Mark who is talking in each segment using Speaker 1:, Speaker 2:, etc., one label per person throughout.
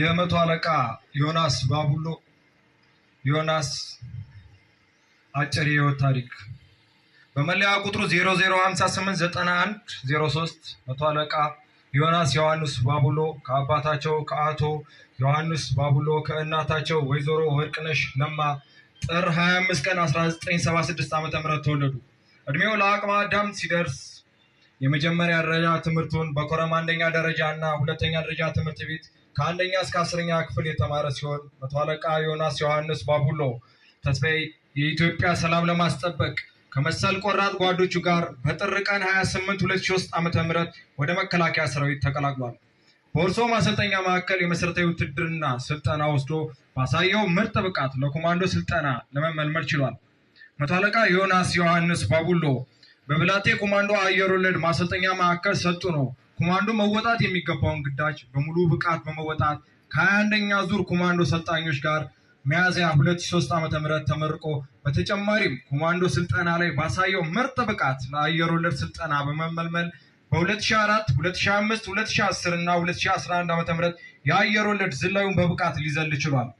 Speaker 1: የመቶ አለቃ ዮናስ ባቡሎ ዮናስ አጭር የህይወት ታሪክ በመለያ ቁጥሩ 00589103 መቶ አለቃ ዮናስ ዮሐንስ ባቡሎ ከአባታቸው ከአቶ ዮሐንስ ባቡሎ ከእናታቸው ወይዘሮ ወርቅነሽ ለማ ጥር 25 ቀን 1976 ም ተወለዱ። እድሜው ለአቅመ አዳም ሲደርስ የመጀመሪያ ደረጃ ትምህርቱን በኮረም አንደኛ ደረጃ እና ሁለተኛ ደረጃ ትምህርት ቤት ከአንደኛ እስከ አስረኛ ክፍል የተማረ ሲሆን መቶ አለቃ ዮናስ ዮሐንስ ባቡሎ ተስፋዬ የኢትዮጵያ ሰላም ለማስጠበቅ ከመሰል ቆራጥ ጓዶቹ ጋር በጥር ቀን 28 2003 ዓ.ም ወደ መከላከያ ሰራዊት ተቀላቅሏል። በወርሶ ማሰልጠኛ ማዕከል የመሰረታዊ ውትድርና ስልጠና ወስዶ ባሳየው ምርጥ ብቃት ለኮማንዶ ስልጠና ለመመልመል ችሏል። መቶ አለቃ ዮናስ ዮሐንስ ባቡሎ በብላቴ ኮማንዶ አየር ወለድ ማሰልጠኛ ማዕከል ሰጡ ነው። ኮማንዶ መወጣት የሚገባውን ግዳጅ በሙሉ ብቃት በመወጣት ከ 21 ዙር ኮማንዶ ሰልጣኞች ጋር ሚያዝያ 2003 ዓ.ም ተመርቆ በተጨማሪም ኮማንዶ ስልጠና ላይ ባሳየው ምርጥ ብቃት ለአየር ወለድ ስልጠና በመመልመል በ2004፣ 2005፣ 2010 እና 2011 ዓ.ም የአየር ወለድ ዝላዩን በብቃት ሊዘል ችሏል።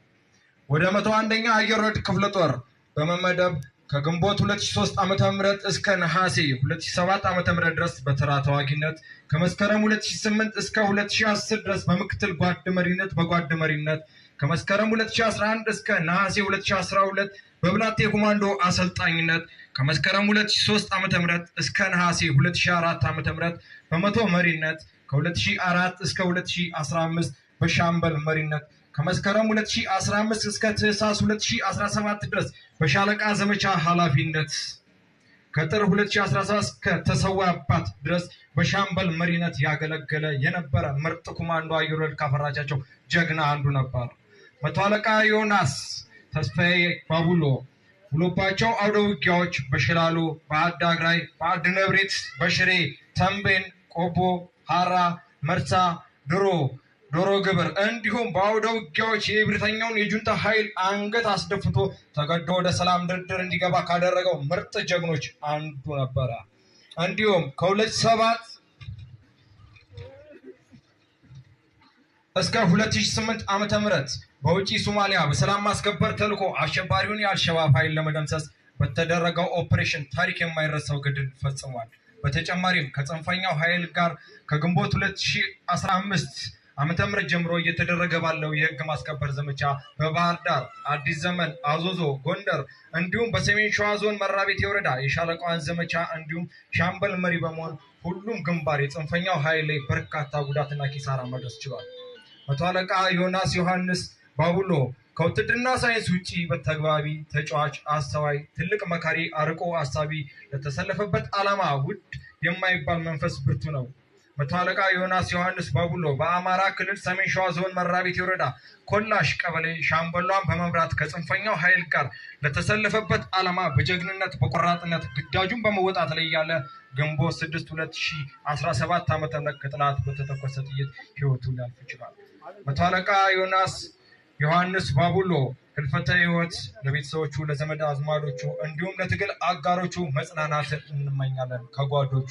Speaker 1: ወደ መቶ አንደኛ አየር ወለድ ክፍለ ጦር በመመደብ ከግንቦት 2003 ዓመተ ምህረት እስከ ነሐሴ 2007 ዓመተ ምህረት ድረስ በተራ ተዋጊነት ከመስከረም 2008 እስከ 2010 ድረስ በምክትል ጓድ መሪነት በጓድ መሪነት ከመስከረም 2011 እስከ ነሐሴ 2012 በብላቴ ኮማንዶ አሰልጣኝነት ከመስከረም 2003 ዓመተ ምህረት እስከ ነሐሴ 2004 ዓመተ ምህረት በመቶ መሪነት ከ2004 እስከ 2015 በሻምበል መሪነት ከመስከረም 2015 እስከ ታህሳስ 2017 ድረስ በሻለቃ ዘመቻ ኃላፊነት ከጥር 2017 እስከ ተሰዋባት ድረስ በሻምበል መሪነት ያገለገለ የነበረ ምርጥ ኮማንዶ አየር ወለድ ካፈራቻቸው ጀግና አንዱ ነበር። መቶ አለቃ ዮናስ ተስፋዬ ባቡሎ ውሎባቸው አውደ ውጊያዎች በሽላሎ፣ በአዳግራይ፣ በአድነብሪት፣ በሽሬ፣ ተንቤን፣ ቆቦ፣ ሀራ፣ መርሳ፣ ድሮ ዶሮ ግብር እንዲሁም በአውደ ውጊያዎች የብሪተኛውን የጁንታ ኃይል አንገት አስደፍቶ ተገዶ ወደ ሰላም ድርድር እንዲገባ ካደረገው ምርጥ ጀግኖች አንዱ ነበረ። እንዲሁም ከሁለት ሰባት እስከ 2008 ዓመተ ምህረት በውጪ ሶማሊያ በሰላም ማስከበር ተልዕኮ አሸባሪውን የአልሸባብ ኃይል ለመደምሰስ በተደረገው ኦፕሬሽን ታሪክ የማይረሳው ግድል ፈጽሟል። በተጨማሪም ከጽንፈኛው ኃይል ጋር ከግንቦት 2015 ዓመተ ምህረት ጀምሮ እየተደረገ ባለው የህግ ማስከበር ዘመቻ በባህር ዳር፣ አዲስ ዘመን፣ አዞዞ፣ ጎንደር እንዲሁም በሰሜን ሸዋ ዞን መራቤት የወረዳ የሻለቃዋን ዘመቻ እንዲሁም ሻምበል መሪ በመሆን ሁሉም ግንባር የጽንፈኛው ኃይል ላይ በርካታ ጉዳትና ኪሳራ መድረስ ችሏል። መቶ አለቃ ዮናስ ዮሐንስ ባቡሎ ከውትድርና ሳይንስ ውጭ በተግባቢ ተጫዋች፣ አስተዋይ፣ ትልቅ መካሪ፣ አርቆ አሳቢ ለተሰለፈበት ዓላማ ውድ የማይባል መንፈስ ብርቱ ነው። መቶ አለቃ ዮናስ ዮሐንስ ባቡሎ በአማራ ክልል ሰሜን ሸዋ ዞን መራቤት ወረዳ ኮላሽ ቀበሌ ሻምበሏን በመምራት ከጽንፈኛው ኃይል ጋር ለተሰለፈበት ዓላማ በጀግንነት በቆራጥነት ግዳጁን በመወጣት ላይ ያለ ግንቦት 6 2017 ዓ ም ከጥላት በተተኮሰ ጥይት ህይወቱ ሊያልፍ ይችላል። መቶ አለቃ ዮናስ ዮሐንስ ባቡሎ ህልፈተ ህይወት ለቤተሰቦቹ፣ ለዘመድ አዝማዶቹ እንዲሁም ለትግል አጋሮቹ መጽናናትን እንመኛለን ከጓዶቹ